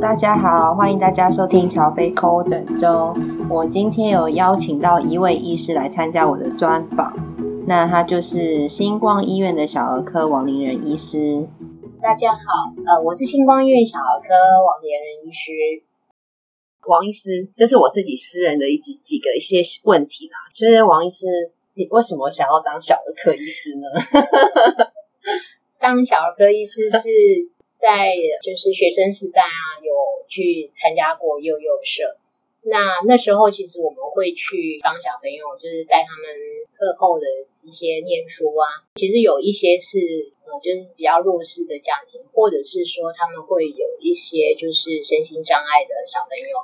大家好，歡迎大家收聽喬飛摳整周。我今天有邀請到一位醫師來參加我的專訪，那他就是新光醫院的小兒科王憐人醫師。大家好，呃，我是新光醫院小兒科王憐人醫師。王醫師，這是我自己私人的一幾幾個一些問題啦，啊，就是王醫師，你為什麼想要當小兒科醫師呢？ 當小兒科醫師是。 在就是學生時代啊，有去參加過幼幼社。那那時候其實我們會去幫小朋友，就是帶他們課後的一些念書啊。其實有一些是呃，就是比較弱勢的家庭，或者是說他們會有一些就是身心障礙的小朋友。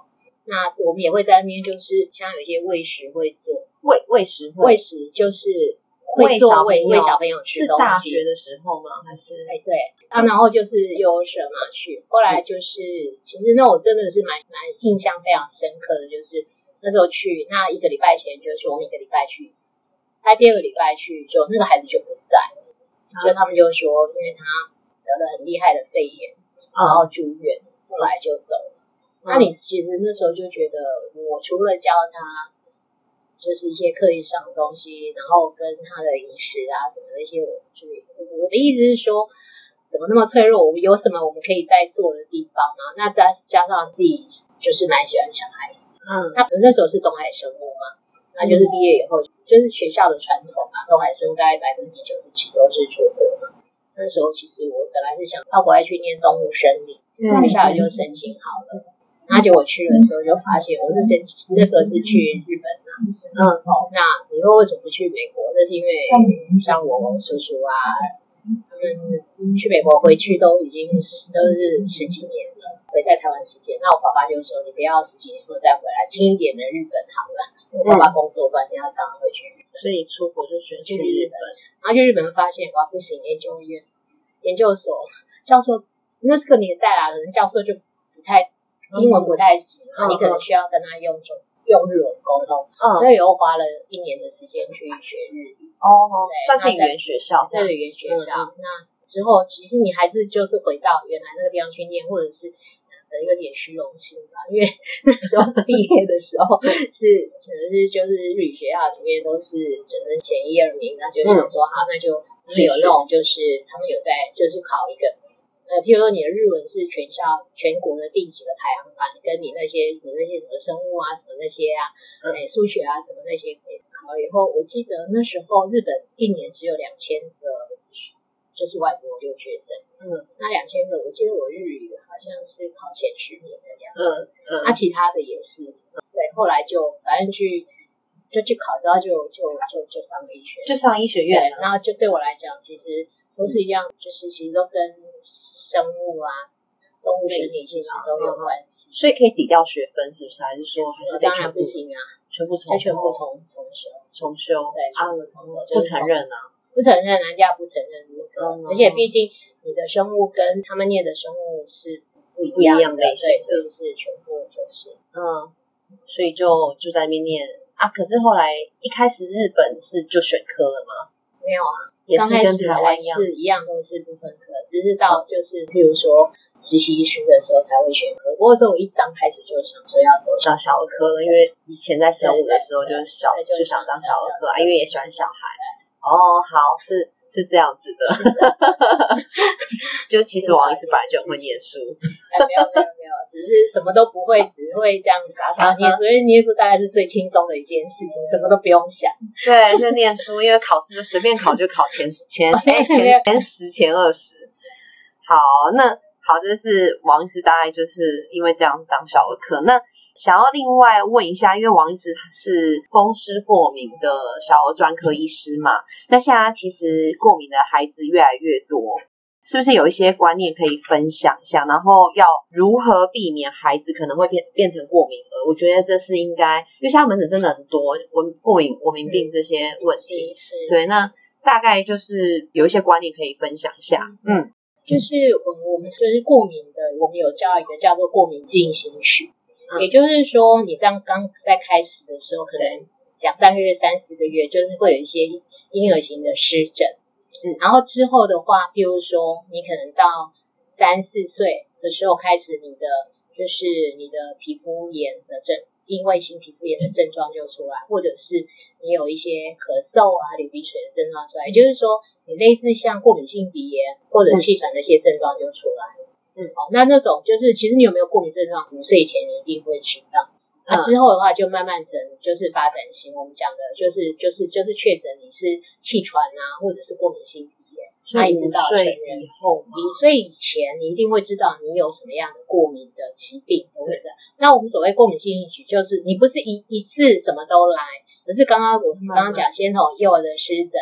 那我們也會在那邊，就是像有一些餵食會做餵餵食會餵食就是。會做為小朋友去，學東西是大學的時候嗎？還是哎、欸、對、嗯、啊，然後就是遊學嘛去，後來就是、嗯、其實那我真的是蠻蠻印象非常深刻的，就是那時候去那一個禮拜前就是我們一個禮拜去一次，那第二個禮拜去就那個孩子就不在了，所以、嗯、他們就說因為他得了很厲害的肺炎，然後住院，嗯、後來就走了。嗯、那你其實那時候就覺得我除了教他。就是一些課業上的東西，然後跟他的飲食啊什麼那些，我注意。我的意思是說，怎麼那麼脆弱？我有什麼我們可以在做的地方啊？那再加上自己就是蠻喜歡小孩子，嗯，他、啊、那時候是東海生物嘛，嗯、那就是畢業以後就是學校的傳統嘛，東海生物大概百分之九十七都是出國嘛。那時候其實我本來是想到國外去念動物生理，嗯，所以下來就申請好了。嗯而且我去了的時候就發現，我是先那時候是去日本嘛。嗯哦。那你說為什麼不去美國？那是因為像我叔叔啊，他、嗯、們去美國回去都已經都是十幾年了，回在台灣十年。那我爸爸就說：“你不要十幾年後再回來，輕一點的日本好了。”我爸爸工作半天，他常常會去，所以出國就選去日本。然後去日本就發現，我不行，研究院、研究所教授，那是個年代啦、啊、可能教授就不太。英文不太行，你可能需要跟他用中用日文溝通，所以又花了一年的時間去學日語。哦，算是語言學校，在語言學校。那之後其實你還是就是回到原來那個地方去念，或者是可能有點虛榮心吧，因為那時候畢業的時候是可能是就是日語學校裡面都是整生前一二名，那就想說，好，那就有那種就是他們有在就是考一個。呃，譬如說你的日文是全校全國的第幾個排行榜，跟你那些你那些什麼生物啊、什麼那些啊，哎、嗯，欸、數學啊什麼那些，考了以後，我記得那時候日本一年只有兩千個，就是外國留學生。嗯，那兩千個，我記得我日語好像是考前十名的樣子。嗯那、嗯啊、其他的也是，對，後來就反正去就去考，之後就就就就上醫學院，就上醫學院。學院然後就對我來講，其實。都是一樣，就是其實都跟生物啊、動物學系其實都有關係，嗯，所以可以抵掉學分，是不是？還是說還是得全部？當然不行啊，全部重全部修、重修、重修，對，啊、全部重修，不承認啊，不承認啊，人家不承認那個，嗯、而且畢竟你的生物跟他們念的生物是不不一樣的，樣的類型的，對，所以就是全部就是嗯，所以就就在那邊念啊，可是後來一開始日本是就選科了嗎？沒有啊。也是跟台灣一樣，是一樣，都是不分科，只是到就是，比如說實習期的時候才會選科。不過說，我一剛開始就想說要走上小兒科了，對因為以前在生物的時候就小就想當小兒科啊，因為也喜歡小孩。對哦，好，是。是這樣子的，是的 就其實王醫師本來就會念書， 沒有沒有沒有，只是什麼都不會，只會這樣傻傻念書，所以念書大概是最輕鬆的一件事情， 什麼都不用想，對，就念書，因為考試就隨便考，就考前前前前，前十前二十。好，那好，這、就是王醫師大概就是因為這樣當小兒科那。想要另外問一下，因為王醫師他是風濕過敏的小兒專科醫師嘛，那現在其實過敏的孩子越來越多，是不是有一些觀念可以分享一下？然後要如何避免孩子可能會變變成過敏兒？我覺得這是應該，因為現在門診真的很多，過敏過敏、過敏病這些問題，嗯、對，那大概就是有一些觀念可以分享一下。嗯，就是我們我們就是過敏的，我們有叫一個叫做過敏進行曲。嗯、也就是說，你這樣剛在開始的時候，可能兩三個月，三四個月，就是會有一些嬰兒型的濕疹。嗯，然後之後的話，比如說你可能到三四歲的時候開始，你的就是你的皮膚炎的症，因為新皮膚炎的症狀就出來，或者是你有一些咳嗽啊、流鼻水的症狀出來，也就是說，你類似像過敏性鼻炎或者氣喘那些症狀就出來。嗯嗯哦、嗯，那那種就是，其實你有沒有過敏症狀？五歲以前你一定會知道，那、嗯啊、之後的話就慢慢成就是發展型。我們講的就是，就是，就是確診你是氣喘啊，或者是過敏性鼻炎，所以五歲以後，五歲、哦、以前你一定會知道你有什麼樣的過敏的疾病，都會這樣。對那我們所謂過敏性鼻炎，就是你不是一一次什麼都來，而是剛剛我剛剛講先從、嗯、幼兒的濕疹。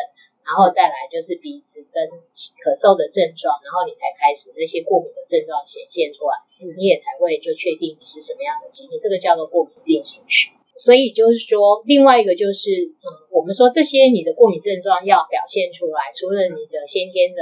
然後再來就是鼻子跟咳嗽的症狀，然後你才開始那些過敏的症狀顯現出來，嗯、你也才會就確定你是什麼樣的疾病。這個叫做過敏進行曲。所以就是說，另外一個就是，嗯，我們說這些你的過敏症狀要表現出來，除了你的先天的，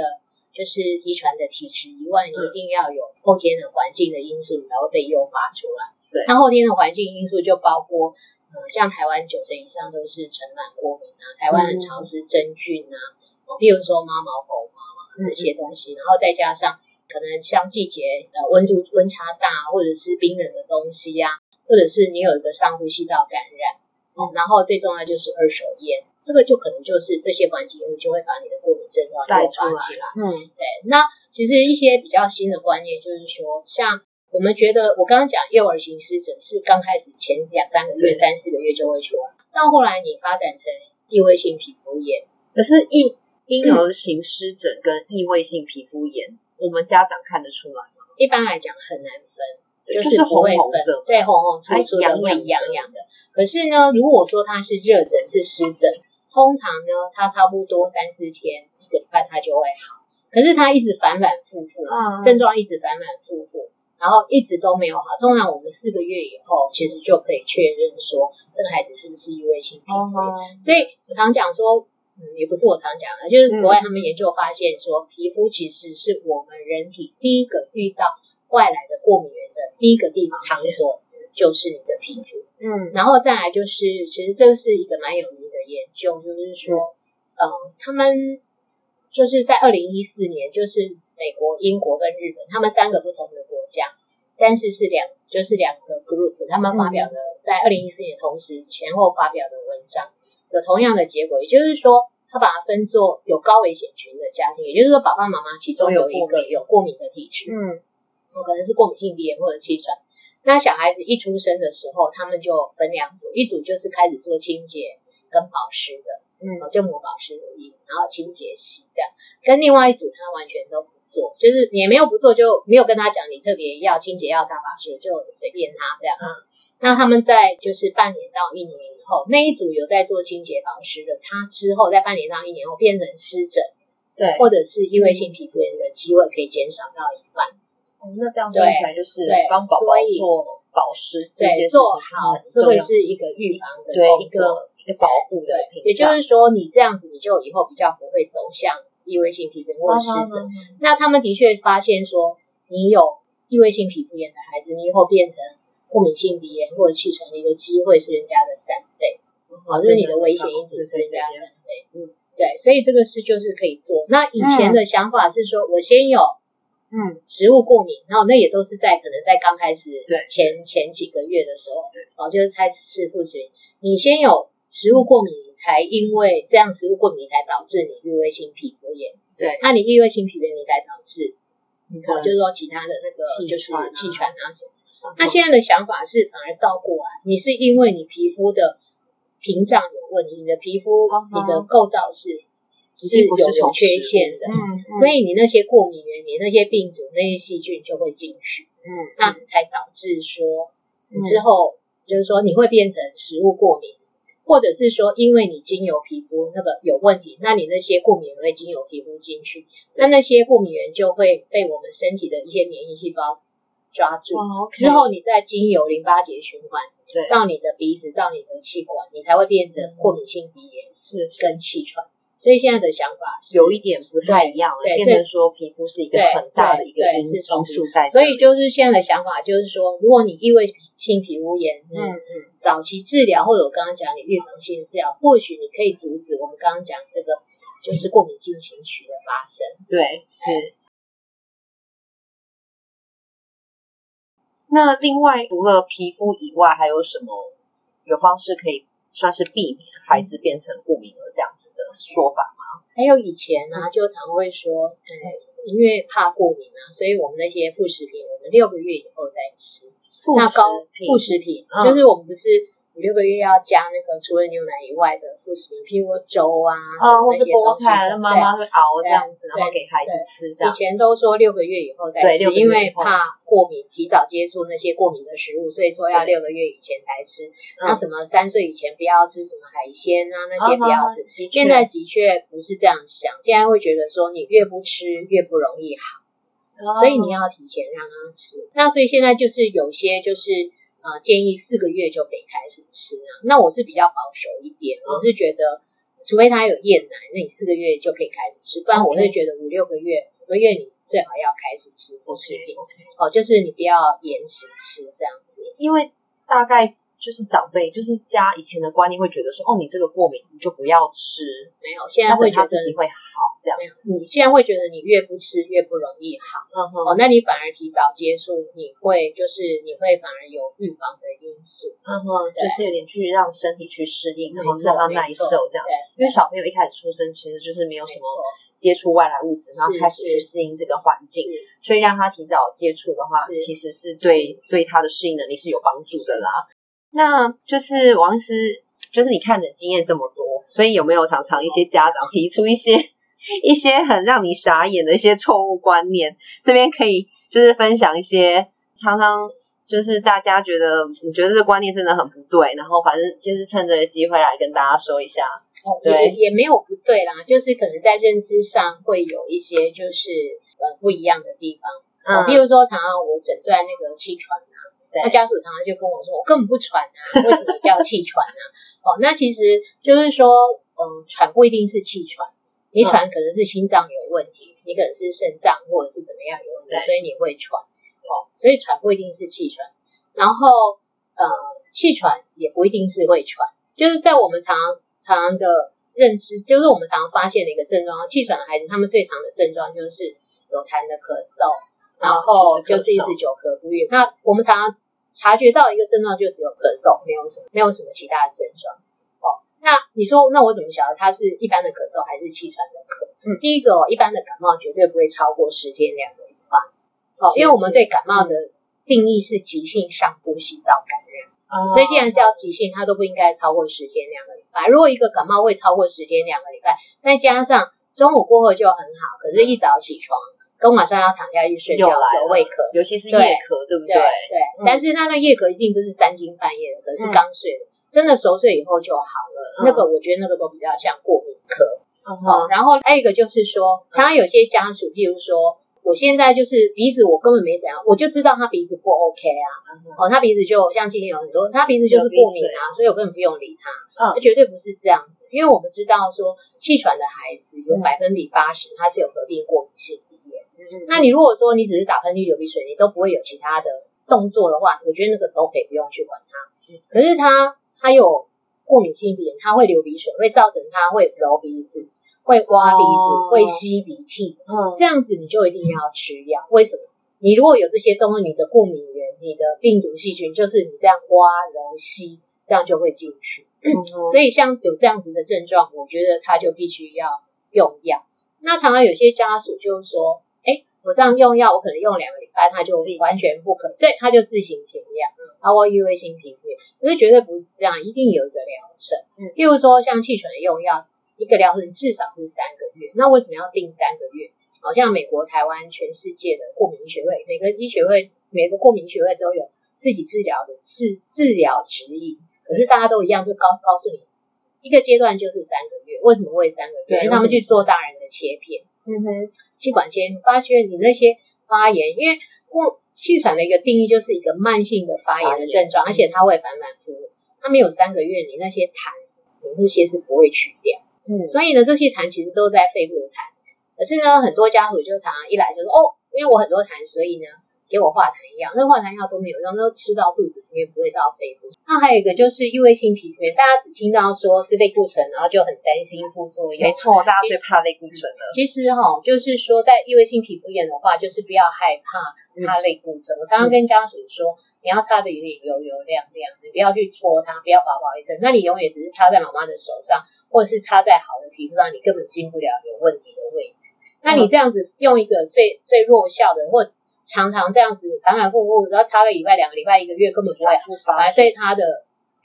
就是遺傳的體質以外，你一定要有後天的環境的因素才會被誘發出來。對，那後天的環境因素就包括。呃、嗯，像台灣九成以上都是塵蟎過敏啊，台灣很潮濕真菌啊，譬、嗯哦、如說貓毛狗毛、啊嗯、這些東西，然後再加上可能像季節的溫度溫、嗯、差大或者是冰冷的東西啊，或者是你有一個上呼吸道感染，哦嗯、然後最重要的就是二手菸，這個就可能就是這些環境就會把你的過敏症狀帶出來，嗯，對，那其實一些比較新的觀念就是說像。我們覺得，我剛剛講幼兒型濕疹是剛開始前兩三個月，三四個月就會出來，嗯、到後來你發展成異位性皮膚炎。可是異嬰兒型濕疹跟異位性皮膚炎，我們家長看得出來嗎？嗯、一般來講很難分，就是不會分，紅紅的，對，紅紅、粗粗的，癢癢，會癢癢的。可是呢，如果說它是熱疹是濕疹，通常呢，它差不多三四天、一個禮拜它就會好。可是它一直反反复复，啊、症狀一直反反复复。然後一直都沒有好，通常我們四個月以後，其實就可以確認說這個孩子是不是異位性皮膚炎。Uh huh. 所以我常講說、嗯，也不是我常講的，就是國外他們研究發現說，嗯、皮膚其實是我們人體第一個遇到外來的過敏原的第一個地方場所，啊、是就是你的皮膚。嗯，然後再來就是，其實這個是一個蠻有名的研究，就是說，嗯，嗯他們就是在二零一四年，就是。美國、英國跟日本，他們三個不同的國家，但是是兩就是兩個 group，他們發表的在二零一四年同時前後發表的文章，有同樣的結果，也就是說，他把它分作有高危險群的家庭，也就是說，爸爸媽媽其中有一個有過敏的體質，嗯，可能是過敏性鼻炎或者氣喘，那小孩子一出生的時候，他們就分兩組，一組就是開始做清潔跟保濕的。嗯，就抹保濕乳液，然後清潔洗這樣，跟另外一組他完全都不做，就是你也沒有不做，就沒有跟他講你特別要清潔要擦保濕，就隨便他這樣子。嗯、那他們在就是半年到一年以後，那一組有在做清潔保濕的，他之後在半年到一年後變成濕疹，對，或者是異位性皮膚炎的機會可以減少到一半。哦、嗯，那這樣聽起來就是幫寶寶做保濕，以對，做好，這會是一個預防的對對，一個。保護的對，也就是說，你這樣子，你就以後比較不會走向異位性皮膚炎或濕疹。那他們的確發現說，你有異位性皮膚炎的孩子，你以後變成過敏性鼻炎或者氣喘的一個機會是人家的三倍，哦、嗯哼，就是你的危險因子是人家，嗯、的三倍。嗯，悲對，所以這個事就是可以做。嗯，那以前的想法是說，我先有嗯食物過敏，然後那也都是在可能在剛開始前對前，前幾個月的時候對哦，就是猜是複診，你先有。食物過敏才因為這樣，食物過敏才導致你異位性皮膚炎。對，那、啊、你異位性皮炎，你才導致，對你就是說其他的那個，就是氣喘啊、啊什麼。那、嗯啊、現在的想法是反而倒過來，你是因為你皮膚的屏障有問題，你的皮膚、嗯、你的構造是不是有有缺陷的，嗯嗯、所以你那些過敏原、你那些病毒、那些細菌就會進去，嗯，那你才導致說、嗯、你之後就是說你會變成食物過敏。或者是說，因為你精油皮膚那個有問題，那你那些過敏會精油皮膚進去，那那些過敏源就會被我們身體的一些免疫細胞抓住，之後你再經由淋巴結循環，到你的鼻子、到你的氣管，你才會變成過敏性鼻炎，是生氣喘。所以現在的想法是有一點不太一樣了，變成說皮膚是一個很大的一個因素在這裡。所以就是現在的想法就是說，如果你異位性皮膚炎，嗯嗯，嗯早期治療或者我剛剛講的預防性治療，或許你可以阻止我們剛剛講這個就是過敏進行曲的發生。對，是。嗯、那另外除了皮膚以外，還有什麼有方式可以？算是避免孩子變成過敏兒這樣子的說法嗎？還有以前呢、啊，就常會說，哎、嗯，因為怕過敏啊，所以我們那些副食品，我們六個月以後再吃。那高副食品就是我們不是。五六個月要加那個，除了牛奶以外的副食品，譬如說粥啊，什麼那些菠菜，那媽媽會熬這樣子，然後給孩子吃這樣。以前都說六個月以後再吃，因為怕過敏，及早接觸那些過敏的食物，所以說要六個月以前才吃。那什麼三歲以前不要吃什麼海鮮啊，那些不要吃。現在的確不是這樣想，現在會覺得說，你越不吃越不容易好，所以你要提前讓他吃。那所以現在就是有些就是，啊、呃，建議四個月就可以開始吃啊。那我是比較保守一點，我是覺得，除非他有厭奶，那你四個月就可以開始吃。不然我是覺得五六個月，Okay. 五個月你最好要開始吃副食品，哦 Okay, okay.、呃，就是你不要延遲吃這樣子，因為。大概就是長輩，就是家以前的觀念會覺得說，哦，你這個過敏你就不要吃，沒有，現在會覺得自己會好這樣，沒有，你現在會覺得你越不吃越不容易好，嗯、哼哦，那你反而提早接觸，你會就是你會反而有預防的因素，嗯哼，對就是有點去讓身體去適應，錯然後知道耐受錯這樣。因為小朋友一開始出生其實就是沒有什麼。接觸外來物質，然後開始去適應這個環境，是是，所以讓他提早接觸的話，是是，其實是對是是，對他的適應能力是有幫助的啦。是是。那就是王師，就是你看的經驗這麼多，所以有沒有常常一些家長提出一些、哦、 一些很讓你傻眼的一些錯誤觀念？這邊可以就是分享一些常常就是大家覺得我覺得這個觀念真的很不對，然後反正就是趁着機會來跟大家說一下。哦，對也也沒有不對啦，就是可能在認知上會有一些就是呃不一樣的地方。嗯，哦、譬如說常常我診斷那個氣喘啊，對那家屬常常就跟我說：“我根本不喘啊， 為什麼叫氣喘呢，啊？”哦，那其實就是說，嗯，喘不一定是氣喘，你喘可能是心臟有問題，嗯，你可能是腎臟或者是怎麼樣有問題，對所以你會喘。哦，所以喘不一定是氣喘，然後呃，嗯，氣喘也不一定是會喘，就是在我們常常。常,常的認知就是我們常常發現的一個症狀，氣喘的孩子他們最常的症狀就是有痰的咳嗽，啊、然後就是久咳不癒。那我們常常察覺到一個症狀，就只有咳嗽，沒有什麼，沒有什麼其他的症狀。哦，那你說，那我怎麼曉得它是一般的咳嗽還是氣喘的咳？嗯、第一個、哦，一般的感冒絕對不會超過十天兩個禮拜。是哦，因為我們對感冒的定義是急性上呼吸道感染，哦、所以既然叫急性，它都不應該超過十天兩個。如果一個感冒未超過十天兩個禮拜，再加上中午過後就很好，可是，一早起床跟晚上要躺下去睡覺的時候，會咳，尤其是夜咳，對，對不對？對，對嗯、但是那個夜咳一定不是三更半夜的，可是剛睡的，嗯、真的熟睡以後就好了。嗯、那個，我覺得那個都比較像過敏咳。哦、嗯哼嗯。然後還有一個就是說，常常有些家屬，譬如說。我現在就是鼻子，我根本沒怎樣，我就知道他鼻子不 OK 啊，哦，他鼻子就像今天有很多，他鼻子就是過敏啊，所以我根本不用理他，他絕對不是這樣子，因為我們知道說氣喘的孩子有百分比八十他是有合併過敏性鼻炎，那你如果說你只是打噴嚏流鼻水，你都不會有其他的動作的話，我覺得那個都可以不用去管他，可是他他有過敏性鼻炎，他會流鼻水，會造成他會揉鼻子。會挖鼻子，哦、會吸鼻涕，嗯、這樣子你就一定要吃藥。嗯、為什麼？你如果有這些動物，你的過敏原，你的病毒細菌，就是你這樣挖揉吸，這樣就會進去。嗯嗯、所以像有這樣子的症狀，我覺得他就必須要用藥。那常常有些家屬就是說，哎、欸，我這樣用藥，我可能用兩個禮拜，他就完全不可，己對，他就自行停藥，然後意味心停藥。可是絕對不是這樣，一定有一個療程。例、嗯、譬如說像氣喘的用藥。一個療程至少是三個月，那為什麼要定三個月？好像美國、台灣、全世界的過敏醫學會，每個醫學會、每個過敏學會都有自己治療的治治療指引。可是大家都一樣，就告告訴你，一個階段就是三個月。為什麼會三個月？對因為他們去做大人的切片，嗯哼，氣管切，發現你那些發炎，因為過氣喘的一個定義就是一個慢性的發炎的症狀，炎而且它會反反复复。他們有三個月，你那些痰，你這些是不會去掉。嗯、所以呢，這些痰其實都在肺部的痰，可是呢，很多家屬就常常一來就說哦，因為我很多痰，所以呢，給我化痰藥，那化痰藥都沒有用，都吃到肚子裡面，因為不會到肺部。那還有一個就是異位性皮膚炎，大家只聽到說是類固醇，然後就很擔心副作用。沒錯，大家最怕類固醇了。其實哈、嗯，就是說在異位性皮膚炎的話，就是不要害怕擦類固醇。嗯、我常常跟家屬說。嗯嗯你要擦的有點油油亮亮，你不要去搓它，不要薄薄一層，那你永遠只是擦在媽媽的手上，或者是擦在好的皮膚上，你根本進不了有問題的位置。那你這樣子用一個最最弱效的，或常常這樣子反反复复，然後擦個禮拜、兩個禮拜、一個月，根本不會復發，嗯、所以對它的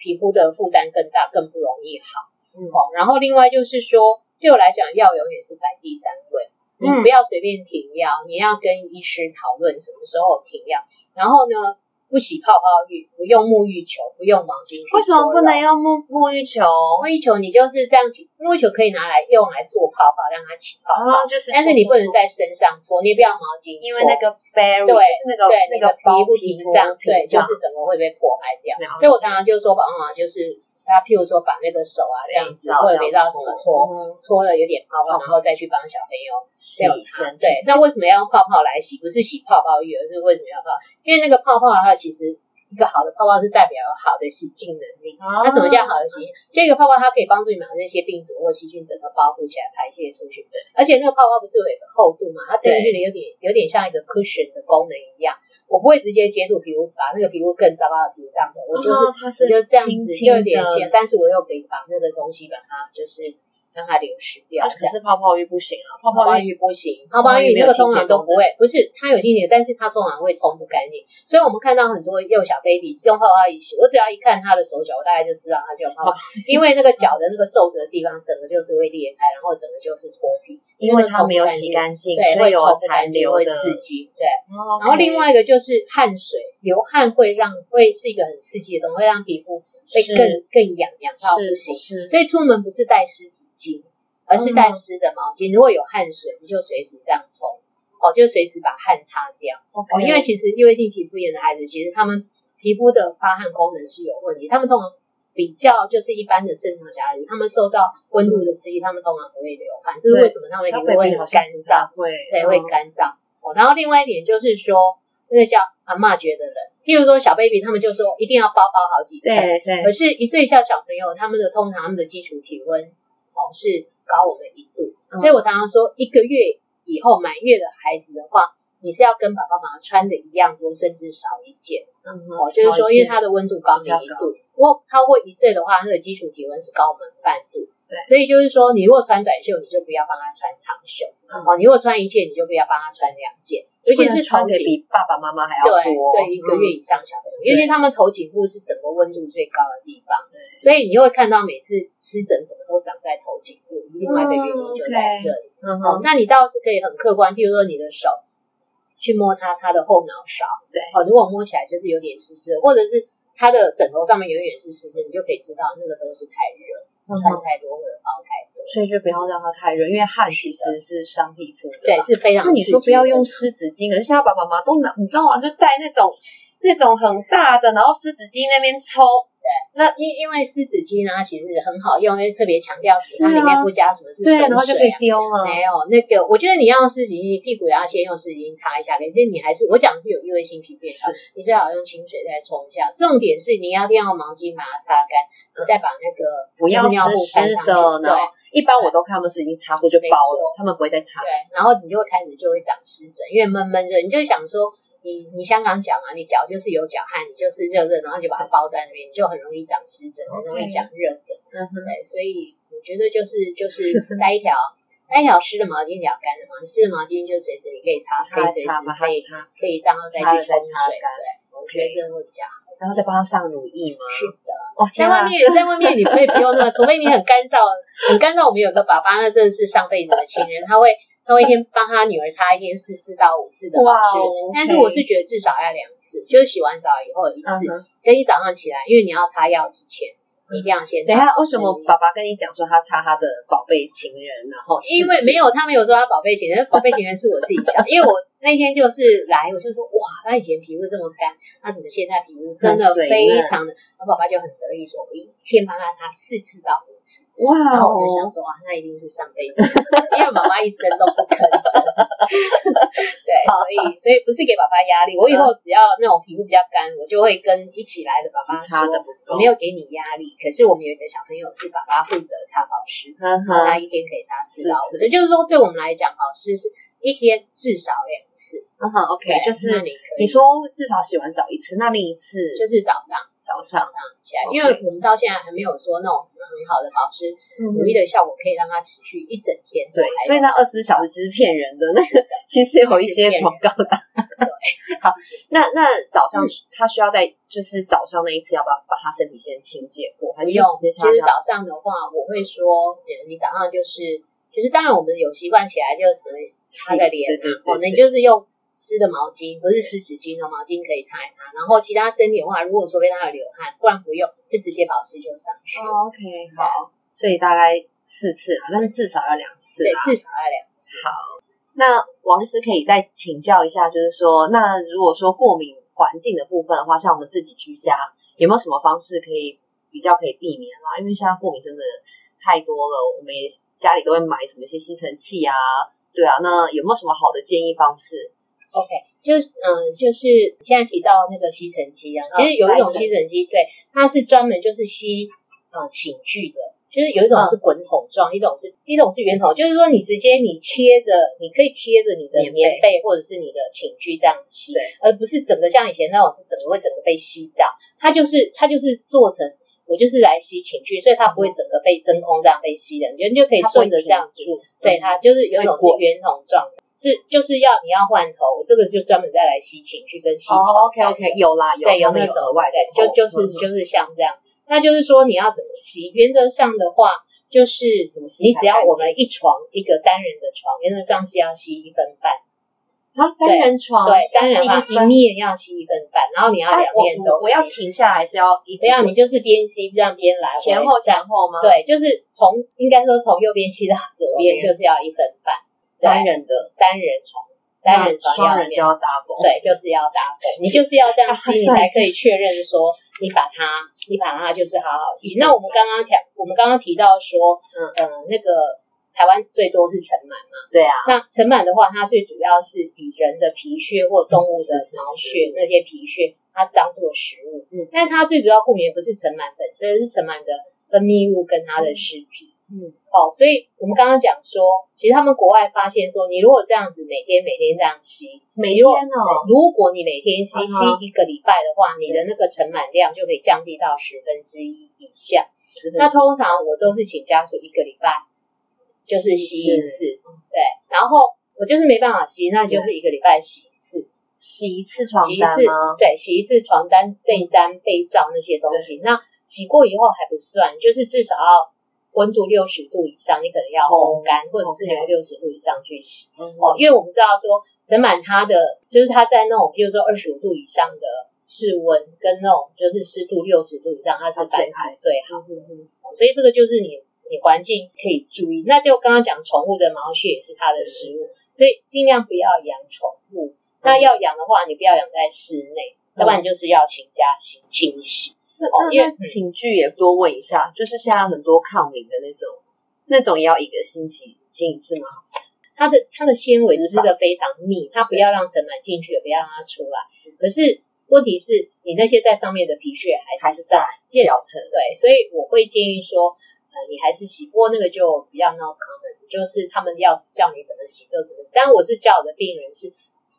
皮膚的負擔更大，更不容易好。嗯、然後另外就是說，對我來講，藥永遠是擺第三位，你不要隨便停藥，你要跟醫師討論什麼時候停藥，然後呢，不洗泡泡浴，不用沐浴球，不用毛巾搓。為什麼不能用沐沐浴球？沐浴球你就是這樣起，沐浴球可以拿來用來做泡泡，讓它起泡泡。哦，就是觸觸。但是你不能在身上搓，你也不要毛巾搓，因為那個 barrier 就是那個對那個包皮膚這樣。膽膽對，就是整個會被破壞掉。解所以我常常就說，寶寶們，就是。他譬如說，把那個手啊這樣子，樣，或者給到什麼搓，搓、嗯嗯、了有點泡泡，泡泡然後再去幫小朋友洗身茶。對， 那為什麼要用泡泡來洗？不是洗泡泡浴，而是為什麼要泡？因為那個泡泡的話，其實。一個好的泡泡是代表好的洗淨能力。它、哦啊、什麼叫好的洗淨？這、嗯、個泡泡，它可以幫助你把那些病毒或細菌整個包覆起來排泄出去，對，而且那個泡泡不是有一個厚度嘛？它堆進去的有點對有點像一個 cushion 的功能一樣。我不會直接接觸皮，比如把那個皮膚更糟糕的皮膚髒、哦、我就是，是輕輕我就這樣子，就有點尖，但是我又可以把那個東西把它就是。讓它流失掉。可是泡泡浴不行啊，泡泡浴不行。泡泡浴那個通常都不會，不是它有清潔，但是它通常會沖不乾淨。所以我們看到很多幼小 baby 用泡泡浴洗，我只要一看他的手腳，我大概就知道他就有泡泡，因為那個腳的那個皺褶的地方，整個就是會裂開，然後整個就是脫皮，因為他沒有洗乾淨，所以有殘留的會刺激。對，然後另外一個就是汗水流汗會讓會是一個很刺激的東西，會讓皮膚。會更是更癢癢，到不行。所以出門不是帶濕紙巾，而是帶濕的毛巾。嗯、如果有汗水，你就隨時這樣沖。哦、喔，就隨時把汗擦掉哦。Okay, 因為其實異位性皮膚炎的孩子，其實他們皮膚的發汗功能是有問題。他們通常比較就是一般的正常小孩子，他們受到溫度的刺激，嗯、他們通常不會流汗。對這是為什麼他們皮膚會乾燥？對，對嗯、會乾燥。哦、喔，然後另外一點就是說。那個叫阿媽覺得冷，譬如說小 baby，他們就說一定要包包好幾層。對對。可是，一歲以下小朋友他們的通常他們的基礎體溫哦是高我們一度，嗯、所以我常常說，一個月以後滿月的孩子的話，你是要跟爸爸媽媽穿的一樣多，甚至少一件。嗯哦，級就是說，因為他的溫度高你一度，高如果超過一歲的話，他的基礎體溫是高我們半度。所以就是說，你如果穿短袖，你就不要幫他穿長袖哦。嗯、你如果穿一件，你就不要幫他穿兩件，尤其是穿的比爸爸媽媽還要多，哦。對，一個月以上小朋友，嗯、尤其是他們頭頸部是整個溫度最高的地方。對，所以你會看到每次濕疹怎麼都長在頭頸部，另外一個原因就在這裡。哦、嗯嗯喔，那你倒是可以很客觀，譬如說你的手去摸他他的後腦勺，對，哦、喔，如果摸起來就是有點濕濕，或者是他的枕頭上面永遠是濕濕，你就可以知道那個都是太熱。穿太多或者包太多、嗯嗎，所以就不要讓它太熱，因為汗其實是傷皮膚的，對，是非常。那你說不要用濕紙巾，是嗎，可是現在爸爸媽媽都拿，你知道嗎？就帶那種那種很大的，然後濕紙巾那邊抽。對，那因因為濕紙巾它其實很好用，因為特別強調它裡面不加什麼是、啊，是水，然後就被丟了沒有那個，我覺得你要濕紙巾，屁股也要先用濕紙巾擦一下，可是你還是我講是有異位性皮膚是你最好用清水再沖一下。重點是你要墊個毛巾把它擦乾，嗯、你再把那個是尿布擦上去不要濕的對，一般我都看他們濕紙巾擦過就包了，錯他們不會再擦。對，然後你就會開始就會長濕疹，因為悶悶熱，嗯、你就想說。你你香港腳嘛？你腳就是有腳汗，你就是熱熱，然後就把它包在那邊，你就很容易長濕疹，很容易長熱疹。對，所以我覺得就是就是一條 帶一條帶一條濕的，的，的，的毛巾，一條乾的毛巾，濕的毛巾就隨時你可以擦，可以隨時可以擦，可以當後再去沖水，對，我覺得這樣會比較好。然後再幫他上乳液嗎？是的。哇、哦，在外面 在外面你可以不用那，除非你很乾燥，很乾燥。我們有個爸爸，那真的是上輩子的親人，他會。他會一天幫他女兒擦一天四次到五次的保濕，wow, okay. 但是我是覺得至少要兩次，就是洗完澡以後一次，uh huh. 跟你早上起來，因為你要擦藥之前，嗯、一定要先。等下為什麼爸爸跟你講說他擦他的寶貝情人，然後因為沒有他沒有說他寶貝情人，寶貝情人是我自己想的， 因為我那天就是來，我就說哇，他以前皮膚這麼乾，那怎麼現在皮膚真的非常的、的然後爸爸就很得意說，我一天幫他擦四次到五。哇！那我就想說，哇，那一定是上輩子，因為媽媽一生都不吭聲。對，所以所以不是給爸爸壓力，我以後只要那種皮膚比較乾，我就會跟一起來的爸爸說，我沒有給你壓力。可是我們有一個小朋友是爸爸負責擦保濕，他一天可以擦四到五次，就是說對我們來講，保濕是一天至少兩次。嗯哼，OK，就是你可以，你說至少洗完澡一次，那另一次就是早上。早上起來，因為我們到現在還沒有說那種什麼很好的保濕乳液的效果，可以讓它持續一整天。對，所以那二十四小時其實騙人的，那其實有一些廣告的。對，好，那那早上他需要在就是早上那一次要不要把他身體先清潔過？不用，其實早上的話，我會說，你早上就是，其實當然我們有習慣起來就什麼擦個臉，對哦，你就是用。濕的毛巾，不是濕紙巾哦，毛巾可以擦一擦。然後其他身體的話，如果說被它有流汗，不然不用，就直接保濕就上去。Oh, OK，、嗯、好。所以大概四次，但是至少要兩次，啊對。對，至少要兩次。好，那王醫師可以再請教一下，就是說，那如果說過敏環境的部分的話，像我們自己居家，有沒有什麼方式可以比較可以避免啦，啊？因為現在過敏真的太多了，我們也家裡都會買什麼一些吸塵器啊，對啊，那有沒有什麼好的建議方式？OK，就是嗯，就是你現在提到那個吸塵機啊，哦、其實有一種吸塵機，色對，它是專門就是吸呃寢具的，就是有一種是滾筒狀，一種是一種是圓筒，就是說你直接你貼着，你可以貼着你的棉被或者是你的寢具這樣吸，對而不是整個像以前那種是整個會整個被吸掉，它就是它就是做成我就是來吸寢具，所以它不會整個被真空這樣被吸的，你覺得你就可以順着這樣子，它住對它就是有一種是圓筒狀的。是就是要你要換頭，我這個就專門再來吸情緒跟吸床，OK OK 有啦有，對有那種額外，對就就是就是像這樣。那就是說你要怎麼吸？原則上的話，就是怎麼吸？你只要我們一床一個單人的床，原則上是要吸一分半。啊，單人床對，單人床一面要吸一分半，然後你要兩邊都。我要停下來是要？這樣你就是邊吸這樣邊來，前後前後嗎？對，就是從應該說從右邊吸到左邊，就是要一分半。單人的單人床，單人床雙人，就要搭夥，對，就是要搭夥，你就是要這樣吃你才可以確認說你把它你把它就是好好吃。那我們剛剛提，我們剛剛提到說，嗯嗯，那個台灣最多是塵蟎嘛，對啊。那塵蟎的話，它最主要是以人的皮屑或動物的毛屑那些皮屑，它當做食物。嗯，但它最主要不免不是塵蟎本身，是塵蟎的分泌物跟它的屍體。嗯，好，所以我們剛剛講說，其實他們國外發現說，你如果這樣子每天每天這樣吸，每天哦，如果你每天吸吸一個禮拜的話，你的那個塵蟎量就可以降低到十分之一以下。那通常我都是請家屬一個禮拜就是吸一次，對，然後我就是沒辦法吸，那就是一個禮拜洗一次，洗一次床單嗎？對，洗一次床單、被單、被罩那些東西。那洗過以後還不算，就是至少要。溫度六十度以上，你可能要烘乾，oh, okay. 或者是你要六十度以上去洗、mm hmm. 哦。因為我們知道說，塵蟎它的就是它在那種，譬如說二十五度以上的室溫跟那種就是濕度六十度以上，它是繁殖最好。所以這個就是你你環境可以注意。 那就剛剛講，寵物的毛屑也是它的食物，mm hmm. 所以盡量不要養寵物。Mm hmm. 那要養的話，你不要養在室內，mm hmm. 要不然你就是要勤加洗，清洗。哦，因為寢具，也多問一下，嗯、就是現在很多抗敏的那種，嗯、那種也要一個星期洗一次嗎？它的它的纖維織的非常密，肪它不要讓塵蟎進去，對也不要讓它出來。嗯、可是問題是你那些在上面的皮屑還是在表層，對，所以我會建議說，呃、你還是洗。不過那個就比較 no comment，就是他們要叫你怎麼洗就怎麼洗。但我是叫我的病人是，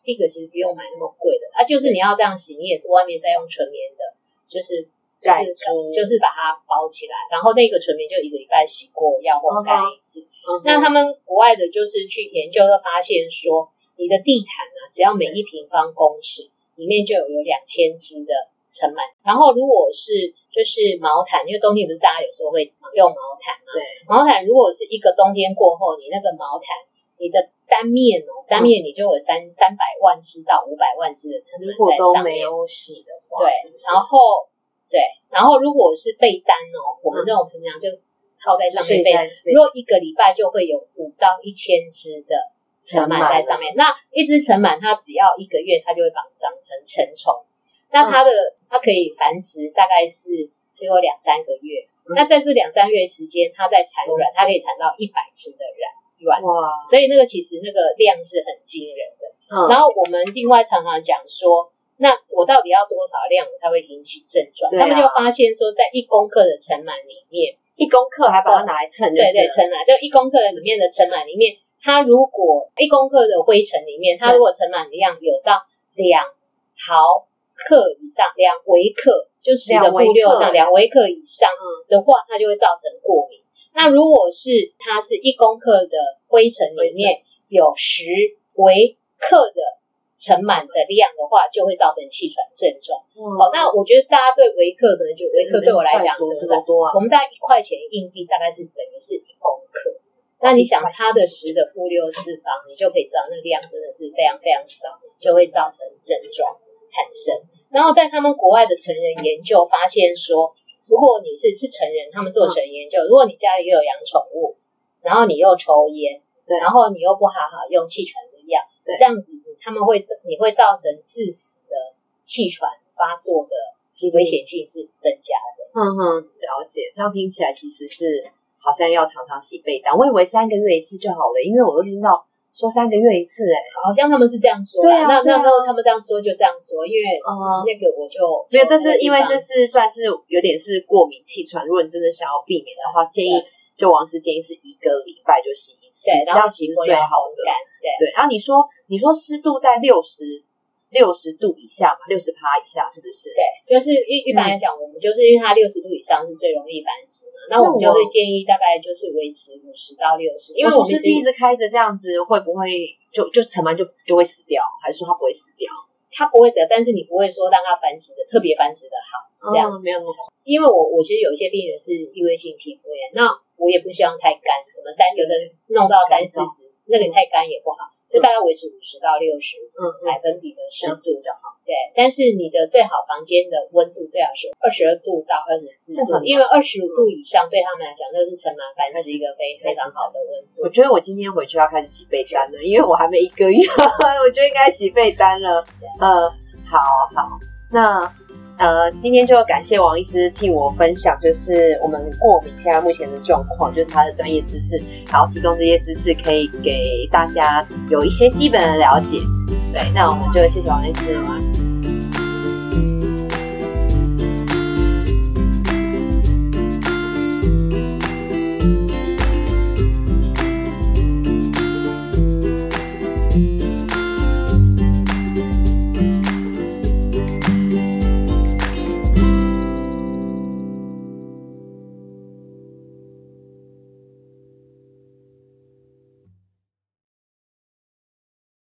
這個其實不用買那麼貴的，啊，就是你要這樣洗，你也是外面再用純棉的，就是。就是就是把它包起來，然後那個純棉就一個禮拜洗過要烘乾一次。Okay. Okay. 那他們國外的就是去研究就發現說，你的地毯啊，只要每一平方公尺 Okay. 裡面就有有兩千隻的塵蟎。然後如果是就是毛毯，因為冬天不是大家有時候會用毛毯嘛？Okay. 對。毛毯如果是一個冬天過後，你那個毛毯，你的單面哦、喔，單面你就有三三百萬隻到五百萬隻的塵蟎在上面。我都沒有洗的話。對，是不是然後。對，然後如果是被單哦，我們這種平常就套在上面被。嗯、如果一個禮拜就會有五到一千隻的塵蟎在上面。那一隻塵蟎，它只要一個月，它就會長長成成蟲。嗯、那它的它可以繁殖，大概是最後兩三個月。嗯、那在這兩三個月時間它，它在產卵，它可以產到一百隻的卵。哇！所以那個其實那個量是很驚人的。嗯、然後我們另外常常講說。那我到底要多少量才會引起症狀？啊、他們就發現說，在一公克的塵蟎裡面，一公克還把它拿來稱，對，對對，稱來，就一公克裡面的塵蟎裡面，對 它如果一公克的灰塵裡面，它如果塵蟎量有到兩毫克以上，兩微克，就十的負六上，兩微，微克以上的話，它就會造成過敏。嗯、那如果是它是一公克的灰塵裡面是有十微克的。盛滿的量的話，就會造成氣喘症狀。嗯、哦，那我覺得大家對維克可能就維克對我來講，對不對？我們大概一塊錢硬幣大概是等於是一公克。那你想它的十的負六次方，你就可以知道那個量真的是非常非常少，就會造成症狀產生。然後在他們國外的成人研究發現說，如果你是是成人，他們做成人研究，如果你家裡又有養寵物，然後你又抽菸，對，然後你又不好好用氣喘。一樣，對這樣子他們會，你會造成致死的氣喘發作的危險性是增加的。嗯哼、嗯，了解，這樣聽起來其實是好像要常常洗被單。我以為三個月一次就好了，因為我都聽到說三個月一次，欸，哎，好像他們是這樣說對、啊。對、啊、那那時候他們這樣說就這樣說，因為那個我就，嗯，就因為這是因為這是算是有點是過敏氣喘。如果你真的想要避免的話，建議對就王醫師建議是一個禮拜就洗。死掉其實是最好的。對，然後、啊、你說，你說濕度在六十、六十度以下嘛，六十趴以下是不是？對，就是一一般來講，我們、嗯、就是因為它六十度以上是最容易繁殖嘛，那我，我們就會建議大概就是維持五十到六十。因為我是一直開着這樣子，會不會就就塵蟎就就會死掉，還是說它不會死掉？它不會死，但是你不會說讓它繁殖的特別繁殖的好，嗯、這樣子沒有那麼好。因為我我其實有一些病人是異位性皮膚炎，那我也不希望太乾，怎麼三有的弄到三四十。那個太乾也不好，嗯、就大概維持五十到六十，嗯，百分比的濕度就好。嗯、對，嗯、但是你的最好房間的溫度最好是二十二度到二十四度，因為二十五度以上對他們來講那是很麻那是一個非非常好的溫度。我覺得我今天回去要開始洗被單了，因為我還沒一個月， 我覺得應該洗被單了。嗯對、呃，好好，那。呃，今天就感謝王醫師替我分享，就是我們過敏現在目前的狀況，就是他的專業知識，然後提供這些知識，可以給大家有一些基本的了解。對，那我們就謝謝王醫師了。